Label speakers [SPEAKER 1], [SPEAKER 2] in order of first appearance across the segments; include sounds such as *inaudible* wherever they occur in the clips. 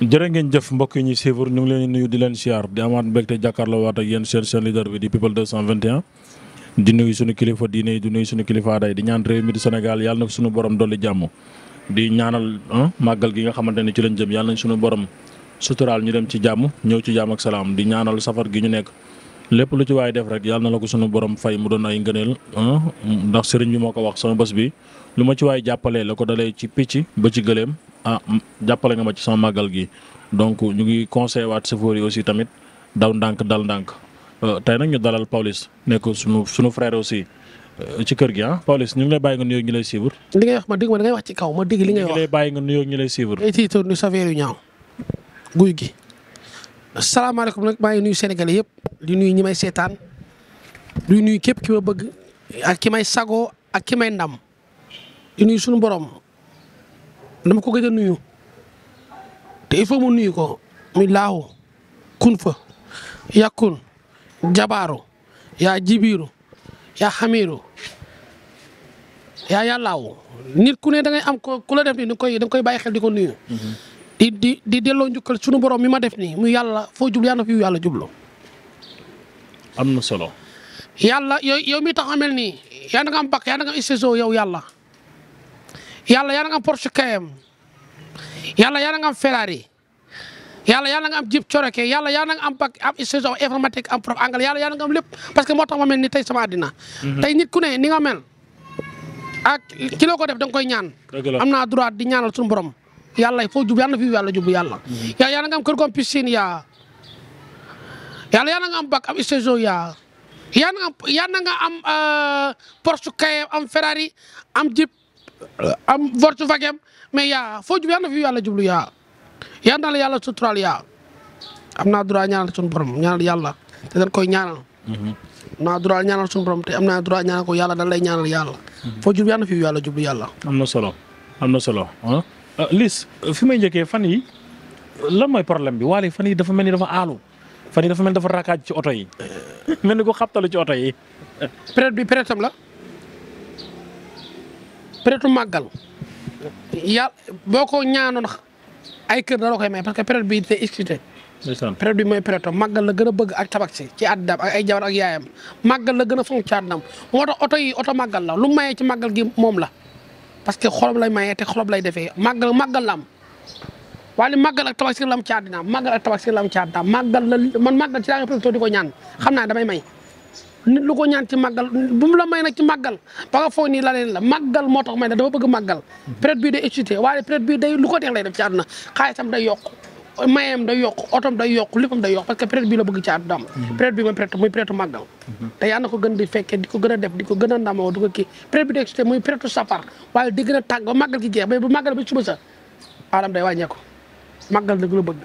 [SPEAKER 1] jërë ngeen jëf mbokk yi ñuy ñu ngi leen di nuyu di leen siyaar di amaat mbégte jàkkaarloo waat ak yéen seen seen leader bi di people 221. di nuyu suñu kilifa diine yi di nuyu suñu kilifa di ñaan réew mi di Sénégal yàlla na ko suñu borom dolli jàmm di ñaanal ah, màggal gi nga xamante ne ci lañ jëm yàlla nañ suñu borom suturaal ñu dem ci jàmm ñëw ci jàmm ak salaam di ñaanal safar gi ñu nekk lépp lu ci waaye def rek yàlla na la ko suñu borom fay mu doon ay ngëneel ah, ndax sëriñ bi moo ko wax sama bés bi lu ma ci waay jàppalee la ko dalee ci picc ba ci gëléem ah jàppale nga ma ci sama màggal gi donc ñu ngi conseillé waat chauffeur yi aussi tamit daw ndànk dal ndànk euh, tey nag ñu dalal Pawlish nekk sunu sunu frère aussi euh, ci kër gi ah Pawlish ñu ngi lay bàyyi nga nuyoo ñu lay suivre. li ngay ma dégg ma da ngay wax
[SPEAKER 2] ci kaw ma dégg li ngay wax ñu ngi lay
[SPEAKER 1] bàyyi nga nuyoo ñu lay suivre. tey
[SPEAKER 2] ci yu ñaaw guy gi salaamaaleykum nag maa ngi nuyu Sénégalais yëpp di nuy ñi may seetaan di nuyu képp ki ma bëgg ak ki may sago ak ki may ndam di nuyu sunu borom. dama ko gëj a nuyu te il mu nuyu ko muy laaw kun fa yàkkun jabaaru yaa jibiru yaa xamiru yaa yàllaaw nit ku ne da ngay am ko ku la def ni da koy da koy bàyyi xel di ko nuyu. Mhm. di delloo njukkal sunu borom mi ma def nii muy yàlla foo jublu yàlla fi yàlla jublu. am na solo. yàlla yow yow mi tax a mel nii yaa nga am bakk yaa nga am yow yàlla. yàlla yàlla nga am Porsche Cayenne yàlla yàlla nga am Ferrari yàlla yàlla nga am Jeep Cherokee yàlla yàlla nga am bac am institution informatique am prof anglais yàlla yàlla nga am lépp parce que moo tax ma mel ni tey sama àddina. Mhm. tey nit ku ne ni nga mel ak ki la ko def da nga koy ñaan. am naa droit di ñaanal suñu borom yàlla foo jub yàlla na fi yàlla jub yàlla. Mhm. yàlla yàlla nga am kër goom yaa yàlla am bak am institution yaa yàlla nga am yàlla nga am euh, Porsche Cayenne am Ferrari am Jeep. Euh, am vortu fagem mais yaa foo jub yàlla na fi yàlla jublu yaa yaa na la yàlla suturaal yaa am naa droit ñaanal suñu borom ñaanal yàlla te dañ koy ñaanal. Mm-hmm. am naa droit ñaanal suñu borom te am naa droit ñaanal ko yàlla dañ lay ñaanal yàlla. Mm-hmm. foo jub yàlla na fi yàlla jublu yàlla.
[SPEAKER 1] am na solo am na solo ah euh, Liss fi may njëkkee fan yi la mooy problème bi Wally fan yi dafa mel ni dafa aalu fan yi dafa mel dafa rakaaj ci oto yi euh. *laughs* mel ni ko xabtalu ci oto yi.
[SPEAKER 2] bi période la. période màggal yàlla boo ko ñaanoon ay kër dara koy may parce que période bii day excité. période bi mooy période màggal la gën a bëgg a tabax si ci àddam ak ay jabar ak yaayam màggal la gën a fonk ci àddam moo tax oto yi oto màggal la lu mayee ci màggal gi moom la parce que xolob lay mayee te xolob lay defee màggal màggal la am waaye màggal ak tabax si la am ci àddinaam màggal ak tabax si la am ci àddinaam màggal la man màggal ci laa nga présenté di ko ñaan xam naa damay may nit lu ko ñaan ci màggal bu mu la may na ci màggal ba nga foog nii la leen la màggal moo tax may ne dafa bëgg màggal période bii day excité waaye période bii day lu ko neex lay def ci àdduna xaalisam day yokk mayam day yokk otom day yokk léppam day yokk parce que période bii la bëgg ci àdduna am mhm. période bii mooy période muy période màggal mhm. te yaa ko gën di fekkee di ko gën a def di ko gën a ndamoo di ko kii période bii day excité muy période safar waaye di gën a tàgg ba màggal gi jeex ba bu màggal ba suba sa aadam day wàññeeku màggal nag bëgg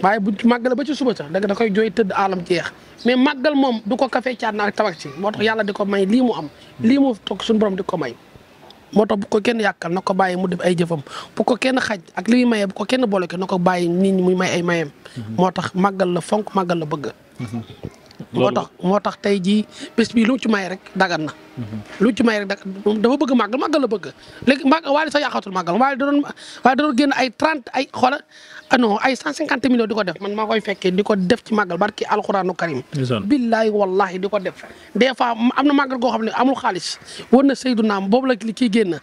[SPEAKER 2] waaye bu màggale ba ci suba sax da da koy jooy tëdd aalam jeex mais màggal moom du ko kafe caat na ak tabax ci moo tax yàlla di ko may lii mu am lii mu toog suñu borom di ko may moo tax bu ko kenn yàkkal na ko bàyyi mu def ay jëfam bu ko kenn xaj ak li muy maye bu ko kenn boloke na ko bàyyi nit ñi mu may ay mayem moo tax màggal la fonk màggal la bëgg moo tax moo tax tey jii bés bii lu ci may rek dagan na. Mhm. lu ci may rek dafa bëgg màggal màggal la bëgg léegi màgg waaye sax yàqatul màggal waaye da doon waaye ay trente ay xoola ah non ay cent cinquante millions di ko def man maa koy fekkee di ko def ci màggal barki alxuraanu karim. billahi wallahi di ko def. des fois am na màggal goo xam ne amul xaalis war na Seydou naam boobu la li ciy génn.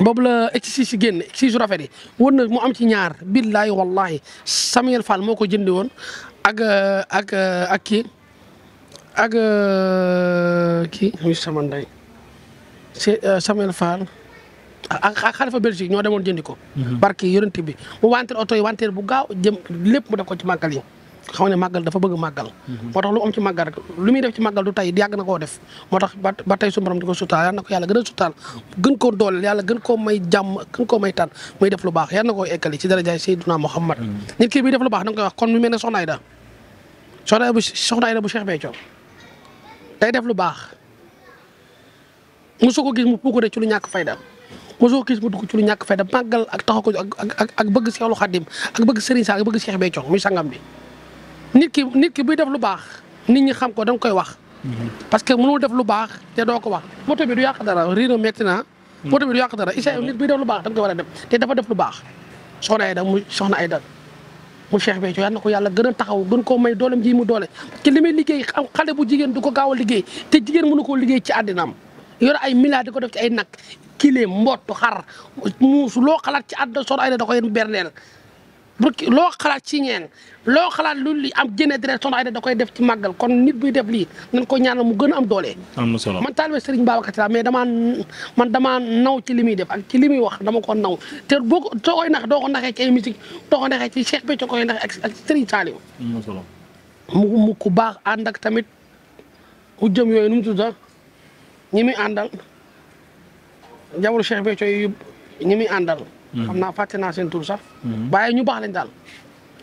[SPEAKER 2] boobu la exercice yi génn exercice rafet yi war na mu am ci ñaar billahi wallahi Samuel Fall moo ko jëndee woon ak ak ak kii ak euh, kii muy sama ndey euh, Samuel Fall ak ak xalifa Belgique ñoo demoon jëndi ko. Mhm. barki yonent bi mu wanteer oto yi wanteer bu gaaw jëm lépp mu def ko ci màggal yi. xam ne màggal dafa bëgg màggal. Mhm. moo tax lu am ci màggal lu muy def ci màggal du tey yàgg na koo def moo tax ba tey su borom di ko sutaal yal na ko yàlla gën a sutaal gën koo dooleel yàlla gën koo may jàmm gën koo may tan muy def lu baax yal na koo ekkali ci darajaay Seydina Muhammad mhm. nit ki bi def lu baax da nga wax kon mu mel ne Soxna soxna bu soxna Aida bu Cheikh Béthio day def lu baax mu mosoo ko gis mu puukaree ci lu ñàkk fayda soo ko gis mu dugg ci lu ñàkk fayda màggal ak taxaw ko ak ak bëgg Seexul Xaadim ak bëgg Serigne saa ak bëgg Cheikh Béthio muy sangam bi nit ki nit ki buy def lu baax nit ñi xam ko da koy wax. Mm-hmm. parce que mënul def lu baax te doo ko wax moto bi du yàq dara riina metti naa mm-hmm. moto bi du yàq dara isa nit buy def lu baax da nga koy war a def te dafa def lu baax soxna Aida muy soxna Aida mu Cheikh Béthio yal na ko yàlla gën a taxaw gën koo may doolem ji mu doole ci li may liggéey xale bu jigéen du ko gaaw liggéey te jigéen mënu ko liggéey ci àddinaam yor ay milaa di ko def ci ay nag kile mbott xar muus loo xalaat ci àddina son ay da koy berneel bu loo xalaat ci ñeen loo xalaat lu li am génne deret soxna Aida da koy def ci màggal kon nit buy def lii nañ ko ñaanal mu gën a am doole. am na solo man taalibe Serigne Babacar Sy la mais damaa man damaa naw ci li def ak ci li muy wax dama ko naw te boo ko soo koy nax doo ko naxee ci ay musique doo ko naxee ci Cheikh Béthio koy nax ak Serigne Saliou. am na solo mu mu ku baax ànd ak tamit ku jëm yooyu nu mu tudd ñi muy àndal jabaru Cheikh Béthio yi ñi muy àndal. Mm-hmm. xam naa fàtte naa seen tur sax. Mm-hmm. waaye ñu baax lañ daal.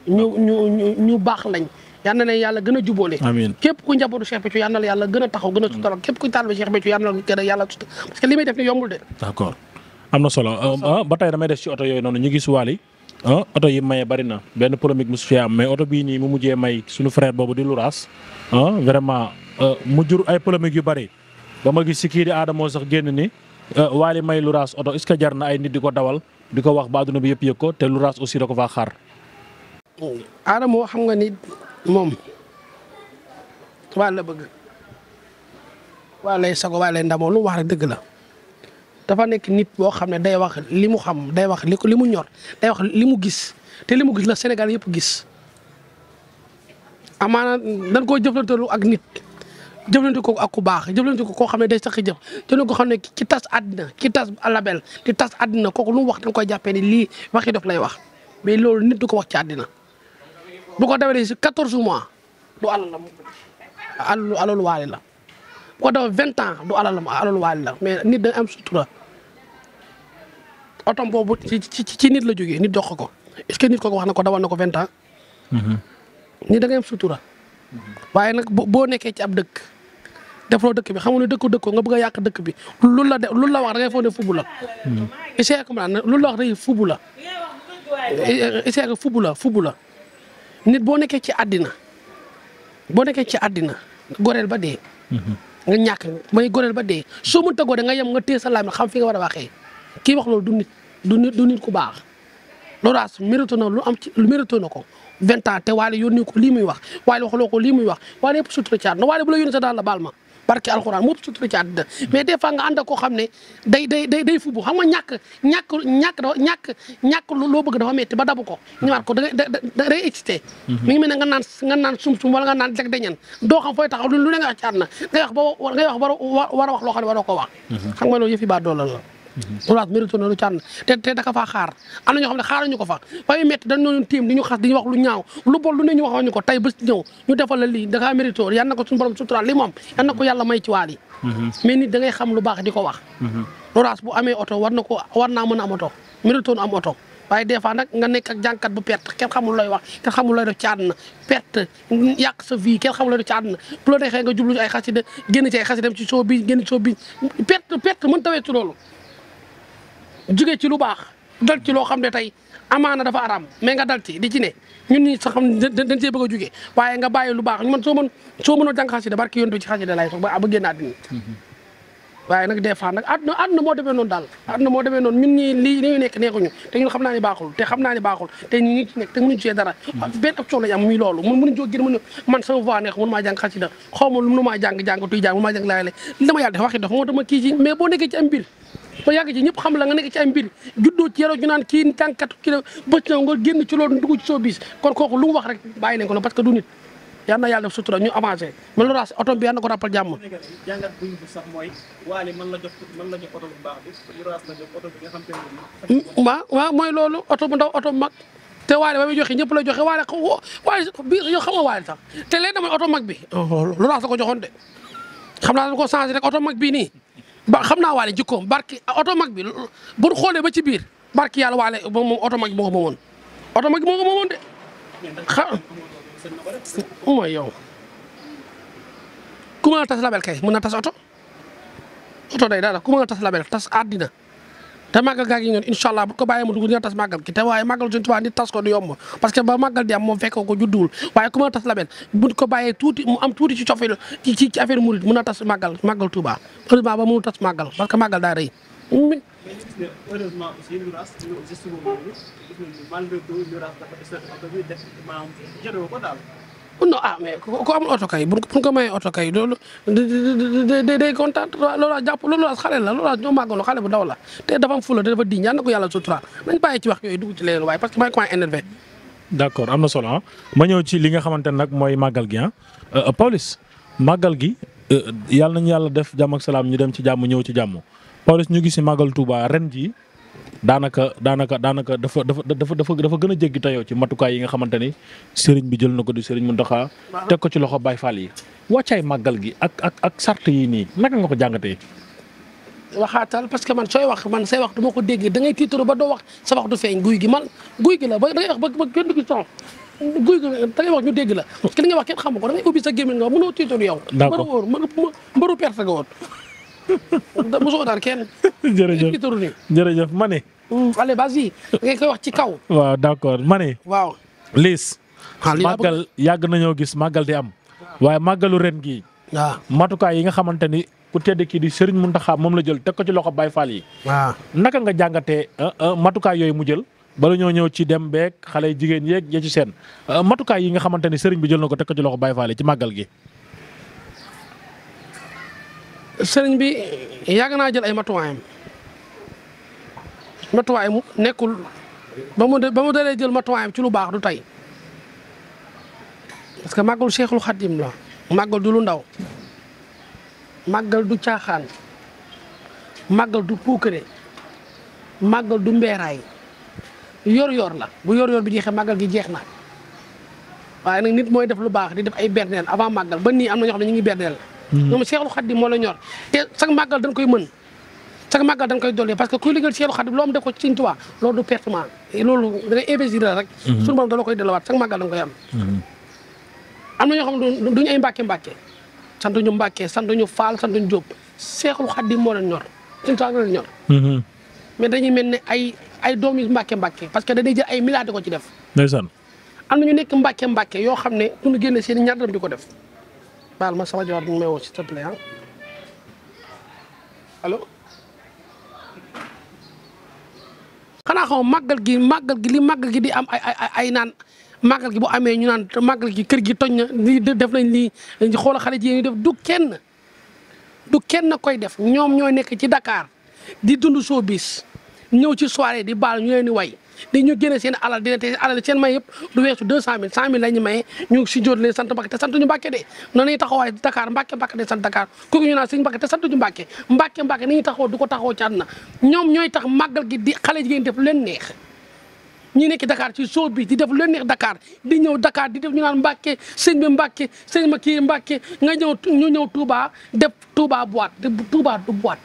[SPEAKER 2] ñu ñu ñu ñu baax lañ. yal na leen yàlla gën a jubóole. amiin képp ku njabootu Cheikh Béthio yal na la yàlla gën a taxaw gën a tutal mm-hmm. képp ku taalibe Cheikh Béthio yal na la gën a yàlla tutal li may def ni yombul de.
[SPEAKER 1] d'accord am na solo ah, ah, ba tey damay des ci oto yooyu noonu ñu gis Wally ah oto yi maye bari na benn polémique mosu fi am mais oto bii nii mu mujjee may suñu frère boobu di Louraas ah vraiment ah, mu jur ay polémique yu bari ba ma gis si kii di Adamo sax génn ni Wally may Louraas oto jar na ay di ko dawal di ko wax ba àdduna bi yëpp yëg ko te lu raas aussi da ko faa xaar.
[SPEAKER 2] Adamo xam nga ni moom tubaab la bëgg tubaab lay sago waaye lay ndamoo lu wax rek dëgg la dafa nekk nit boo xam ne day wax li mu xam day wax li li mu ñor day wax li mu gis te li mu gis la Sénégal yëpp gis amaana dañ koo jëflantalu ak nit. jëflante ko ak ku baax jëflante ko koo xam ne day sax jëf jëflante ko xam ne ki tas àddina ki tas label ki tas àddina kooku lu mu wax da jàppee ni lii waxi dof lay wax mais loolu nit du ko wax ci àddina bu ko dawalee si quatorze mois du alalam alalu alalu waale la bu ko daw vingt ans du alalam alalu waale la mais nit da am sutura otom boobu ci ci nit la jógee nit jox ko est-ce que nit kooku wax na ko dawal na ko vingt ans. Mhm. nit da ngay am sutura. Mhm. waaye nag boo nekkee ci ab dëkk. defloo dëkk bi xamu ne dëkk dëkk nga bëgg a yàq dëkk bi lu la de lu la wax da ngay foog ne fubu la. Hmm. lu la wax day fubu la. la nit boo nekkee ci àddina boo nekkee ci àddina goreel ba dee. Hmm. nga ñàkk may goreel ba dee soo mënta goree nga yem nga téye sa laam xam fi nga war a waxee kii wax loolu du nit du nit du nit ku baax. Loraas mérite na lu am ci mérite na ko vingt ans te waale yónni ko lii muy wax waale waxuloo wax waale yëpp sutura caat na sa daal la baal ma. barke alxuraan moo tudd ci àddina mais des fois nga ànd ak koo xam ne day day day day fubu xam nga ñàkk ñàkk ñàkk dafa ñàkk ñàkk loo bëgg dafa metti ba dabu ko mhm. ñëwaat ko da ngay excité mhm. mi ngi mel ne nga naan nga naan sum-sum wala nga naan deg deñan doo xam fooy taxaw lu lu ne nga wax ci àddina ngay wax ba war a wax loo xam ne waroo ko wa mhm. xam nga loolu yëfi baa doolal la Oulass mérite na lu cànn te te da ka faa xaar am na ñoo xam ne xaaruñu ko fa fa muy métti dañu tiim di ñu xas di ñu wax lu ñaaw lu bon lu ne ñu waxoon ñu ko tey bés ñëw ñu defal la lii da ngaa mérite yan na na ko yàlla may ci waal yi mhm. da ngay xam lu baax mhm. na ko war naa mën a am oto mérite nag nga nekk ak bu perte kenn xamul wax kenn xamul looy def perte yàq sa vie kenn xamul looy def perte perte mën tawee ci loolu jóge ci lu baax dal ci loo xam ne tey amaana dafa araam mais nga dal ci di ci ne ñun ñi sax xam dañ cee bëgg a jóge waaye nga bàyyi lu baax ñu man soo mën soo mënoo jàng xasida barki yontu ci xasida laay soog ba ba génn àddina waaye nag des fois nag àdduna àdduna moo demee te ñun xam naa ne baaxul te xam naa ne baaxul te ñu ngi ci nekk te mënuñu ci dara benn action lañ am muy loolu mun mënuñ jóg gën mën man sama voix neex mënu ma lu maa jàng jàng tuy jàng mënu maa jàng li dama yàlla def waxi dafa moo tax ma kii boo nekkee ci am ba yàgg ci ñëpp xam la nga nekk ci ay mbir juddoo ci yaroo ñu naan kii tànkatu ki la bëcc na nga génn ci loolu dugg kon kooku lu mu wax rek bàyyi nañ ko noonu parce que du nit yal na yàlla def sutura ñu avancé man loolu daal oto bi na ko
[SPEAKER 1] mooy waale man man la jox oto la jox oto bi nga xam te
[SPEAKER 2] mm, mooy loolu oto bu ndaw oto bu mag te waale ba joxe ñëpp la joxe waale ko bi yow xam nga waale sax te léegi damay oto mag bi loolu oh, la ko joxoon de xam naa dañ ko changé rek oto mag bii nii ba xam naa waale jikkoom barki oto mag bi bu xoolee ba ci biir barki yàlla waale moom oto mag bi moo ko oto mag bi moo ko moomoon de. xa oh mooy yow ku mën tas label kay mën na tas oto oto day dara ku mën a tas label tas àddina te màggal gaa ngi ñoon incha allah bu ko bàyyee mu dugg dina tas màggal ki waaye màggal suñu nit tas ko du yomb parce que ba màggal di am fekk ko judduwul waaye ku mën a tas label bu ko bàyyee tuuti mu am tuuti ci ci ci affaire murid mën a tas màggal màggal Tuubaa heureusement ba mënu tas màggal parce que màggal daa rëy mm. heureusement aussi Louraas ñu gis ko non ah mais ku amul oto kay bu ñu ko mayee oto kay day day kontaan loolu laa jàpp loolu laa xale la loolu laa ñoo màggoon xale bu ndaw la te dafa am fula te dafa diñ ñaan na ko yàlla sutura wax yooyu dugg ci léeg waaye parce
[SPEAKER 1] d' accord am na solo ah. ma ñëw ci li nga xamante ne nag mooy màggal gi ah euh, euh, Pawlish màggal gi euh, yàlla nañu yàlla def jàmm ak salaam ñu dem ci jàmm ñëw ci jàmm Pawlish ñu gis si màggal tuubaa ren ji daanaka daanaka daanaka dafa dafa dafa dafa gën a jéggi tayo ci matukaay yi nga xamante ni sëriñ bi jël na ko di sëriñ Mountakha teg ko ci loxo Baye Fall yi wàccaay màggal gi ak ak ak sart yi nii naka nga ko jàngatee.
[SPEAKER 2] waxaatal parce que man sooy wax man say wax du ko dégg da ngay tiitaru ba doo wax sa wax du feeñ guy gi man guy gi la ba da wax ba kenn du gi son guy gi da wax dégg la parce que li nga wax kenn xamu ko da ngay ubbi sa gémmiñ nga mënoo tiitaru yow. d'accord mbaru wóor mbaru perte nga woon. da mosoo daan kenn. *laughs* jërëjëf jërëjëf ma ne. Mm, allez vas nga koy wax ci kaw.
[SPEAKER 1] waaw ma ne. waaw Liss. Ah, màggal yàgg nañoo gis màggal di am. waaye màggalu ren gii. waaw ah. matukaay yi nga xamante ni ku tedd kii di Serigne Mountakha moom la jël teg ko ci loxo Baye faal yi. Ah. naka nga jàngatee matukaay yooyu mu jël. bala ñoo ñëw ci dem beeg xale jigéen yeeg ya ci seen matukaay yi nga xamante ni Serigne bi jël na ko teg ko ci loxo Baye Fall yi ci màggal gi.
[SPEAKER 2] sëriñ bi yàgg naa jël ay matuwaayam matuwaay mu nekkul ba mu ba mu dalee jël matuwaayam ci lu baax du tey parce que màggal Cheikhul Khadim la màggal du lu ndaw màggal du caaxaan màggal du puukare màggal du mbeeraay yor-yor la bu yor-yor bi jeexee màggal gi jeex na waaye nit mooy def lu baax di def ay berneel avant màggal ba nii am na ñoo xam ñu ngi berneel. Mm-hmm. ñoom Seexul Xaadim moo la ñor te sax màggal dañ koy mën sax màggal dañ koy dolli parce que kuy liggéeyal Seexul Xaadim loo am def ko ci Sëñ Tuubaa loolu du pertement loolu dana investir mm-hmm. la koy delawaat sax màggal dañ koy am mm-hmm. am na ñoo xam ne ay mbàkke mbàkke sant ñu mbàkke sant ñu faal sant ñu jóob Seexul Xaadim moo la ñor Sëñ Tuubaa mais dañuy mel ne ay ay doom yu mbàkke parce que dañuy jël ay milliards di ko ci def ndeysaan am na ñu nekk mbàkke mbàkke yoo xam ne duñu génne seen ñaar dërëm ko def baal ma sama jabar bi may woo s'il te ah. xanaa xaw màggal gi màggal gi li màggal gi di am ay ay ay naan màggal gi bu amee ñu naan màggal gi kër gi toj na lii def nañ lii xoola xale ji ñu def du kenn du kenn koy def ñoom ñooy nekk ci Dakar di dund showbiz ñëw ci soirée di baal ñu leen di way di ñu génne seen alal dina te alal seen may yëpp du weesu deux cent mille cent mille la ñu maye ñu si jóot leen sant Mbàkke te sant ñu Mbàkke de noonu ñuy taxawaay Dakar Mbàkke Mbàkke de sant Dakar kooku ñu naan sëñ Mbàkke te sant ñu Mbàkke du ko taxawoo ci na ñoom ñooy tax màggal gi di xale jigéen def leen neex ñi nekk dakaar ci sóor bi di def leen neex dakaar di ñëw Dakar di def ñu naan Mbàkke sëñ bi Mbàkke sëñ ma kii nga ñëw ñu ñëw Touba def Touba boîte Touba du boîte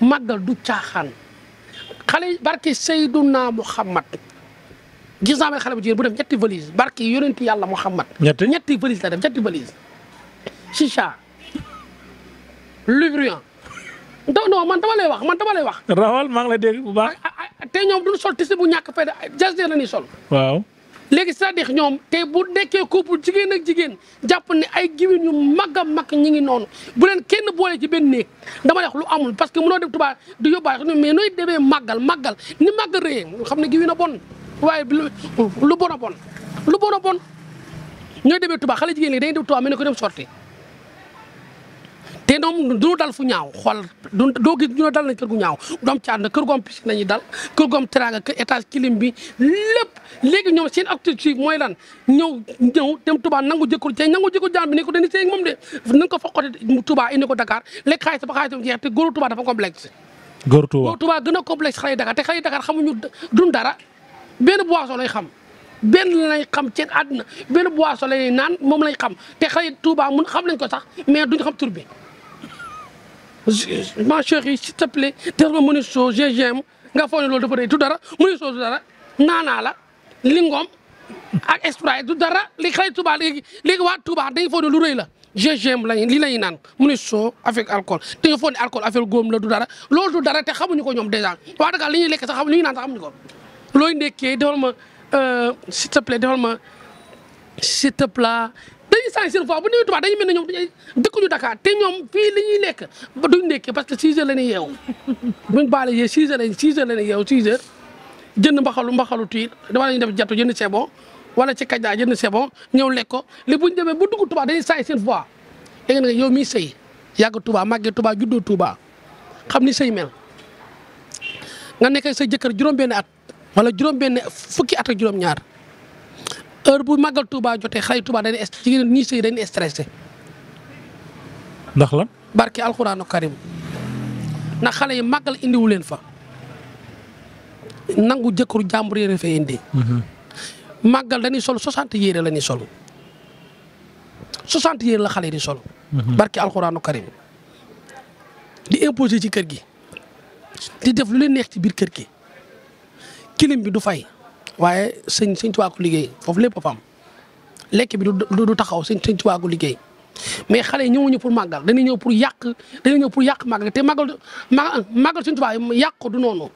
[SPEAKER 2] màggal du caaxaan xale yi barki Seydouna Muhammad gis naa xale bu jigéen bu def ñetti valise barki yonenti yàlla Muhammad ñetti ñetti valise la def ñetti valise. chicha lubrifiant non non man dama lay wax man dama lay wax.
[SPEAKER 1] rawal maa ngi lay dégg bu
[SPEAKER 2] baax. te ñoom duñ sol tisi bu ñàkk fay de jas de la ñuy sol. léegi cest à ñoom tey bu nekkee couple jigéen ak jigéen jàpp ne ay giwin yu mag mag ñi ngi noonu bu leen kenn boole ci benn néeg dama wax lu amul parce que mënoo dem tubaa di yóbbaale xam ne mais nooy demee màggal màggal ni màgg réyee xam ne giwin a bon waaye lu bon a bon lu bon a bon ñooy demee tubaab xale jigéen léegi dañuy dem tubaab mel ne ko dem sorti te ñoom du dal fu ñaaw xool du doo gis dal nañ kër gu ñaaw doom ci ànd kër goom piscine nañuy dal kër goom teraanga kër étage clim bi lépp léegi ñoom seen activité mooy lan ñëw ñëw dem Touba nangu jëkkër te nangu jëkkër jaan bi ne ko dañu moom de nañ ko fa xote Touba ko Dakar lekk xaalis ba xaalis jeex te góoru Touba dafa complexe góoru Touba Touba gën a complexe xale yi te xale yi Dakar xamuñu dun dara benn boisson lay xam benn lay xam ceen àdduna benn boisson lay naan moom lay xam te xale yi Touba mun xam nañ ko sax mais duñ xam tur ma chérie s'il te plaît des ma Mouni Sow GGM nga foog ne loolu dafa rëy du dara Mouni Sow du dara naanaa la lingom ak Sprite du dara li xëy Touba léegi léegi waa Touba dañu foog ne lu rëy la GGM lañu li lañu naan Mouni Sow avec alcool te ñu foog ne alcool affaire góom la du dara loolu du dara te xamuñu ko ñoom dèjà waa Dakar li ñuy lekk sax xamuñu li ñuy naan sax xamuñu ko looy ndekkee defal ma euh, s'il te plaît dañuy changé seen voix bu ñëwee Touba dañu mel ne ñoom dëkkuñu Dakar te ñoom fii li ñuy lekk ba duñ ndékki parce que 6 heures la ñuy yeewu *laughs* buñ baale yee 6 heures lañ 6 heures la ñuy yeewu 6 heures jënd mbaxalu mbaxalu tuuti dama lañu def jattu jënd sebon wala ci kajaa jënd sebon ñëw lekk ko li buñ demee bu dugg Touba dañuy changé seen voix dégg nga yow miy sëy yàgg Touba màggee Touba juddoo Touba xam ni sëy mel nga nekk sa jëkkër juróom-benn at wala juróom-benn fukki at ak juróom-ñaar heure bu màggal Touba jotee xale Touba dañuy est jigéen ñi sëy dañuy stressé. ndax lan. barke alxuraanu karim ndax xale yi màggal indiwu leen fa nangu jëkkëru jàmbur yéen fa indi. màggal mhm. dañuy sol 60 yére la sol 60 yére la xale yi di sol. Mhm. barke alxuraanu karim di imposer ci kër gi. di def lu leen neex ci biir kër gi kilim bi du fay. waaye sëñ sëñ Tuubaa ko liggéey foofu lépp fa am lekk bi du du taxaw sëñ sëñ Tuubaa ko liggéey mais xale yi ñëwuñu pour màggal dañuy ñëw pour yàq dañuy ñëw pour yàq màggal te màggal màggal sëñ Tuubaa yàq ko du noono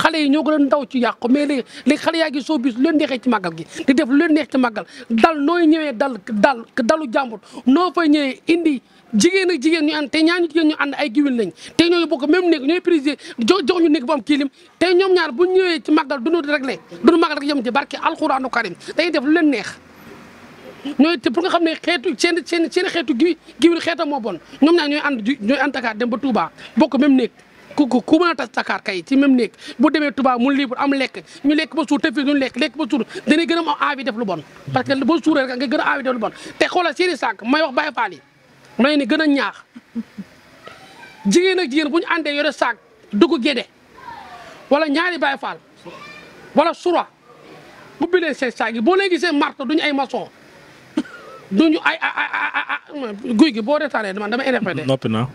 [SPEAKER 2] xale yi ñoo gën a ndaw ci yàq ko mais léegi léegi xale yaa ngi soo bis lu leen ci màggal gi di def lu leen neex ci màggal dal nooy ñëwee dal dal dalu jàmbur noo fay ñëwee indi jigéen ak jigéen ñu ànd te ñaar ànd ay giwil lañ te ñooñu bokk même néeg ñooy président jox jox ñu néeg te ñoom ñaar bu ñëwee ci màggal duñu réglé duñu màggal rek yem ci barke alxuraanu karim neex ñooy te pour nga xam ne xeetu seen seen seen xeetu gi giwil xeetam bon ñoom ñaar ñooy ànd ñooy ànd Dakar dem ba Touba bokk même néeg ku ku ku mën a tas Dakar kay ci même néeg bu demee Touba mu libre am lekk ñu lekk ba suur te fii duñu lekk lekk ba suur dañuy gën a am envie def lu bon parce que ba suur rek nga gën te xoolal seeni sànq may wax Baye Fall may ni gën a ñaax jigéen ak jigéen bu ñu àndee yore saak dugg gédé wala ñaari baay faal wala sura bu bilee seen saak yi boo leen gisee marto duñu ay maçon duñu ay guy gi boo retardé dama dama énervé noppi naa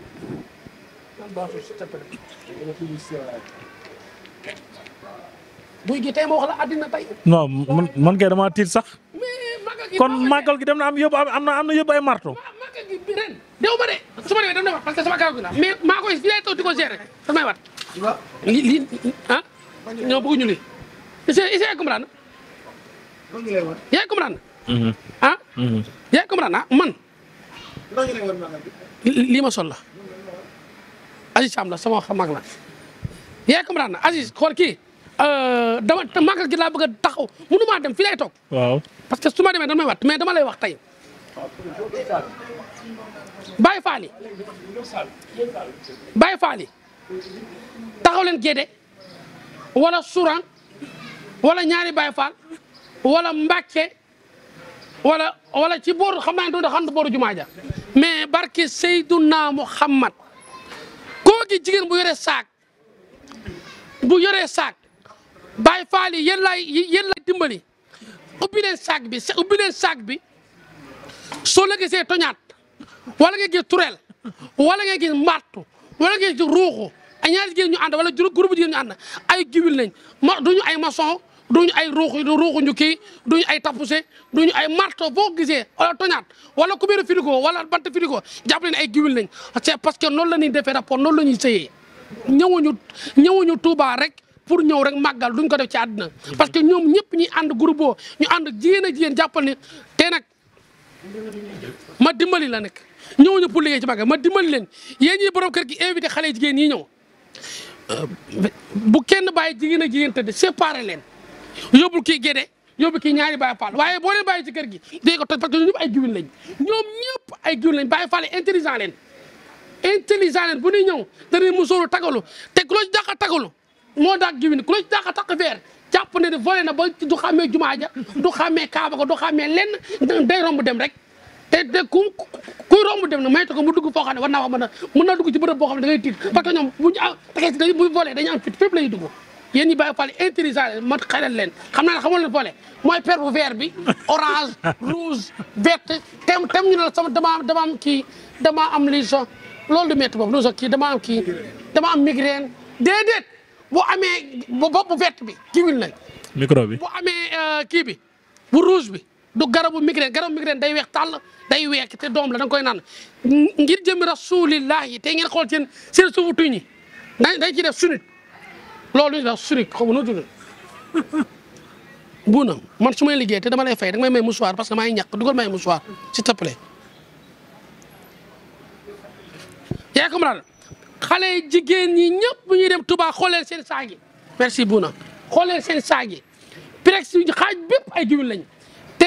[SPEAKER 2] guy gi tey ma wax la àddina tey.
[SPEAKER 1] non man man kay tiit sax.
[SPEAKER 2] kon màggal
[SPEAKER 1] gi dem na am yóbbu am na am na yóbbu ay marto.
[SPEAKER 2] ren dew ma de su ma demee dama lay wax parce que sama kaw gi la mais maa koy fi lay toog di ko gérer dafa may wat. li li ah ñoo bëgguñu lii. is est comprendre. yaa ngi comprendre. Mm-hmm. ah. Mm-hmm. yaa ngi comprendre ah man. lii ma sol la. Aziz Thiam la sama xam mag la yaa ngi comprendre Aziz xool kii euh, dama màggal gi laa bëgg a taxaw mënu maa dem fi lay toog. waaw parce que su ma demee dama may wat mais dama lay wax tey. Baye Fall yi Baye Fall yi taxaw leen Gédé wala Sourang wala ñaari baay Fall walla Mbacke wala wala ci booru xam naa ne doon xam booru jumaa ja mais barke Seydouna Muhammad koo gi jigéen bu yore saak bu yore saak Baye Fall yi yéen dimbali ubbi leen bi ubbi leen saak bi soo la gisee toñaat wala nga gis tureel wala nga gis mbattu wala nga gis ruuxu ay ñaari jigéen ñu ànd wala juróom groupe jigéen ñu ànd ay giwil lañ ma duñu ay maçon ñu ay ruuxu ruuxu ñu kii duñu ay tapuse ñu ay marto boo gisee wala toñaat wala kubéeru frigo wala bant frigo jàpp leen ay giwil lañ c'est parce que noonu la ñuy defee rapport noonu la ñuy sëyee ñu ñëwuñu Touba rek pour ñëw rek màggal duñ ko def ci àddina parce que ñoom ñëpp ñuy ànd groupe ñu ànd jigéen ak jigéen jàppal ne te nag ma dimbali la nekk ñëwuñu pour liggéey ci màggal ma dimbali leen yéen ñii borom kër gi invité xale jigéen ñi ñëw bu kenn bàyyi jigéen ak jigéen tëdd séparé leen yóbbul kii gédé yóbbu kii ñaari Baay Faal waaye boo leen bàyyi ci kër gi dégg ko toj parce que ñoom ñëpp ay giwin lañ ñoom ñëpp ay giwin lañ Baay Faal intelligent leen intelligent leen bu ñuy ñëw dañuy mu tagalu te ku la ci dàqa moo dàq giwin ku la ci dàqa taq veer jàpp ne de na ba du xàmmee jumaa ja du xàmmee kaaba ko du xàmmee lenn day dem rek te te ku ku romb dem na maytu ko mu dugg foo xam ne war naa wax mën a mën naa dugg ci bërëb boo xam ne da ngay tiit parce que ñoom buñu ah taxis dañuy bu volee dañuy am fit fépp lay dugg yéen ñi bàyyi fàle intelligent ma xelal leen xam naa ne xamoo leen boole mooy per bu vert bi *laughs* orange rouge vert tem tem ñu ne la sama dama am dama am kii dama am li so loolu du métti boobu lu so kii dama am kii dama am migraine déedéet bu amee bu bopp bu vert bi kiwil la micro bi bu amee euh, kii bi bu rouge bi du garabu migraine garabu migraine day weex tàll day week te doom la da nga koy naan ngir jëmi rasulillahi te ngeen xool seen seen suufu tuñ yi dañ dañ ciy loolu ñu def sunit xaw ma noo tudd buuna man su may liggéey te dama lay fay danga may may mouchoir parce que may ngi ñàkk dugal may mouchoir s'il te plaît yaa ngi comprendre xale jigéen ñi ñëpp bu ñuy dem tubaa xoolee seen saag yi merci buuna xoolee seen saag yi prex xaaj bépp ay jiwil lañu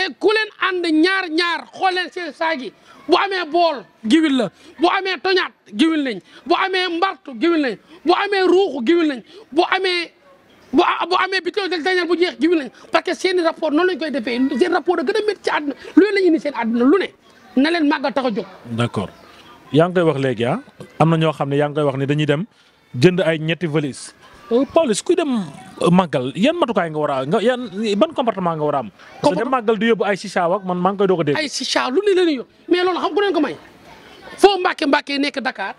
[SPEAKER 2] waaye ku leen ànd ñaar ñaar xool leen seen saagi bu amee bool giwil la boo amee toñaat giwil lañ boo amee mbartu giwil nañ boo amee ruuxu giwil nañ boo amee bu bu amee bitéo de dañal bu jeex giwil nañ parce que seen rapport noonu lañ koy defee seen rapport da gën a métti ci àdduna lu ni seen àdduna lu ne na leen màggal tax a jóg
[SPEAKER 1] d'accord yaa ngi koy wax léegi a ah? am na ñoo xam ne yaa ngi koy wax ne dañuy dem jënd ay ñetti valise
[SPEAKER 2] Euh, Pawlish kuy dem
[SPEAKER 1] euh, maggal yan matukaay nga war a nga yan ban comportement nga war a am. parce que màggal du yóbbu ay chicha ak man maa ngi koy doog a
[SPEAKER 2] dégg. ay chicha lu ne la ñuy yóbbu mais loolu xam ku ne ko may foo Mbacke Mbacke nekk Dakar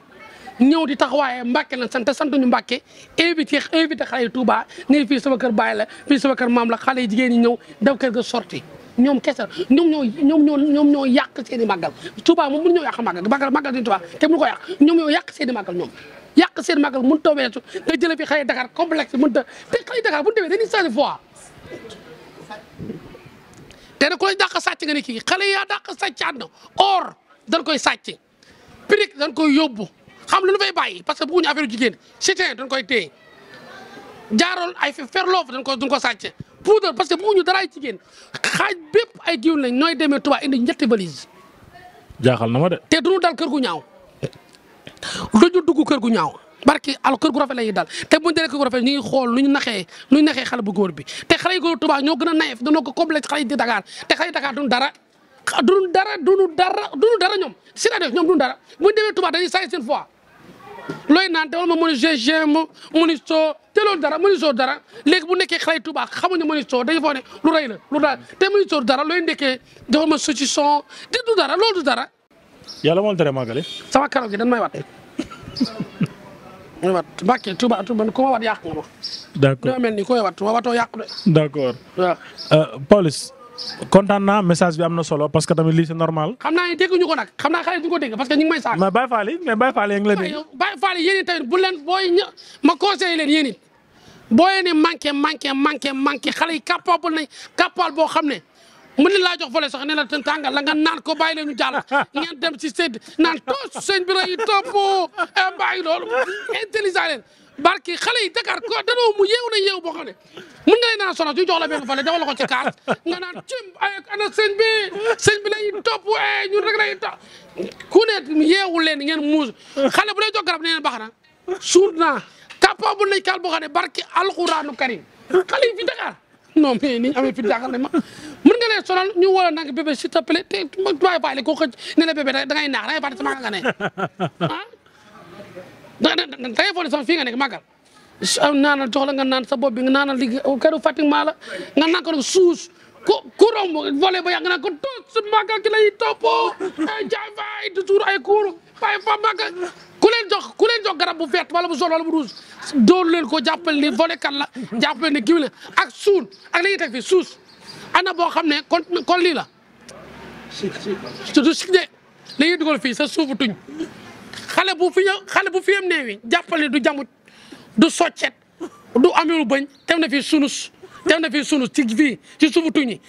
[SPEAKER 2] ñëw di taxawaaye Mbacke lañ sant sant ñu Mbacke invité invité xale yu Touba ne fii sama kër baay la fii sama kër maam la xale yi jigéen ñi ñëw def kër ga sorti ñoom kese ñoom ñoo ñoom ñoo ñoom ñoo i màggal Touba moom mënu ñoo yàq màggal màggal màggal ñoom yàq seen màggal mun ta weesu nga jëlee fi xale Dakar complexe mun ta te xale Dakar bu ñu demee dañuy sali fois te nag ku la sàcc nga ne kii xale yaa dàq sàcc àdduna or dañ koy sàcc pirik dañ koy yóbbu xam lu nu fay bàyyi parce que bëgguñu affaire jigéen citien dañ koy téye jaarool ay ferloof dañ ko duñ ko sàcc poudre parce que bëgguñu daraay jigéen xaaj bépp ay giw lañ nooy demee Tuubaa indi ñetti valise jaaxal na ma de te duñu dal kër gu ñaaw lu ñu dugg kër gu ñaaw barki al kër gu rafet la ñuy dal te buñ dee kër gu rafet ñu ngi xool lu ñu naxee lu ñu naxee xale bu góor bi te xale yu góor tubaab ñoo gën a naïf dañoo ko complexe xale yi te xale yi Dakar duñ dara duñ dara duñu dara duñu dara ñoom si la def ñoom duñu dara buñ demee tubaab dañuy saay seen fois looy naan te wala ma mën a GGM mën a soo te loolu dara mën dara léegi bu nekkee xale tubaab xamuñu mën a soo dañu foog ne lu rëy la lu dara te mën a soo dara looy nekkee dafa ma saucisson te du dara loolu du dara
[SPEAKER 1] yàlla moo la tere màggali.
[SPEAKER 2] sama karaw gi dañ may wat. may wat Mbacke Touba Touba ku ma wat yàq nga ma. d' accord li ma mel nii koy wat ma watoo yàq de. d' accord waaw.
[SPEAKER 1] Euh, Pawlish kontaan message bi am na solo parce que tamit lii c'est normal.
[SPEAKER 2] xam naa ne ñu ko nag xam naa xale duñu ko dégg parce que ñu ngi may saako. mais Baye Fall yi mais Baye Fall tamit bu leen booy ña ma conseillé leen yéen it booy ne manqué manqué manqué manqué xale yi capable nañ capable boo xam ne mën na laa jox volet sax ne la tàngal la nga naan ko bàyyi leen ñu jàll *laughs* ngeen dem ci sédd naan toos sëñ bi rëy topp eh, bàyyi loolu intelligent leen barki xale yi Dakar ko danoo mu yeewu na yeewu boo xam ne mën nga leen naan sono ñu jox la benn volet defal la ko ci kaas nga naan cim ay bi sëñ bi lay topp eh, ñun rek lay topp ku ne yeewu leen ngeen muus xale bu lay jox garab ne leen baax na suur naa capable nañ kaal boo xam ne barki alxuraanu karim xale yi fi Dakar non mais ni ñu amee fi jàngal ma lay sonal ñu wóor na nga bébé s'il te plaît la koo xëj ne la bébé dangay naax dangay fàtte sama nga ne *laughs* ah dangay fii nga nekk màggal naanal jox la nga naan sa bopp bi nga naanal li uh, këru Fatick maa la nga naan ko nag suus ku ku romb ba yàgg nga naan ko toog su màggal ki lay toppoo ay jaay faay toujours ay kuuru faay fa màggal ku leen jox ku leen jox garab bu vert wala bu jaune wala bu rouge dóor leen ko jàppale ni volet kan la jàppale ni kiw ak suun ak li ñuy teg suus ana boo xam ne kon kon lii la. surtout si de li ngay dugal fii sa suufu tuñ xale bu fi ñëw xale bu fi yem neewi jàppal ne du jamut du soccet du amelu bañ teew na fi sunus teew na fi sunus ci fii ci suufu tuñ yi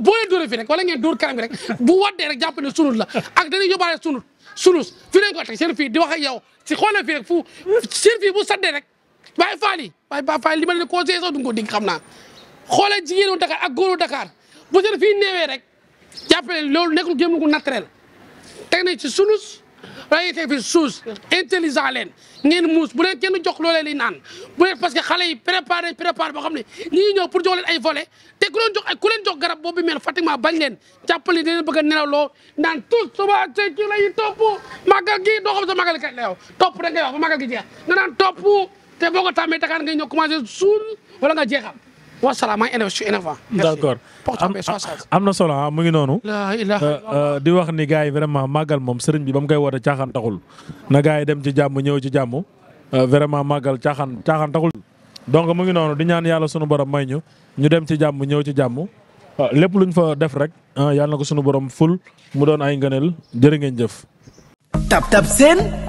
[SPEAKER 2] boo leen dóoree fii rek wala ngeen dóor kanam gi rek bu waddee rek jàppal ne la ak dañuy yóbbaale sunut sunus fi lañ ko teg seen fii di wax ak yow si xoolee fii rek fu seen fii bu saddee rek waaye faal yi waaye ba faal li ma leen conseillé sax du nga xam naa xoolal jigéenu Dakar ak góoru Dakar bu seen fii neewee rek jàppale loolu nekkul jéem ko naturel teg nañ ci sunus waaye teg fi suus intelligent leen ngeen muus bu leen kenn jox loolee i naan bu leen parce que xale yi préparé préparé boo xam ne ñi ngi ñëw pour jox leen ay volet te ku leen jox ku leen garab boobu mel pratiquement bañ leen jàppale dina leen bëgg a nelaw loo naan tous suba ci ci lay topp màggal gi doo xam sa màggal kañ la yow topp da ngay wax ba màggal gi jeex nga naan topp te boo wala nga jeexal wasalaam maa ngi énervé je suis énervant.
[SPEAKER 1] am na solo ah mu ngi noonu. Euh, euh, di wax ni gars yi vraiment màggal moom sëriñ bi ba mu koy woote caaxaan taxul. na gars yi dem ci jàmm ñëw ci jàmm euh, vraiment màggal caaxaan caaxaan taxul. donc mu ngi noonu di ñaan yàlla sunu borom may ñu ñu dem ci jàmm ñëw ci jàmm lépp luñ fa def rek ah, yàlla na ko sunu borom ful mu doon ay nga jërë ngeen jëf. tap tap seen.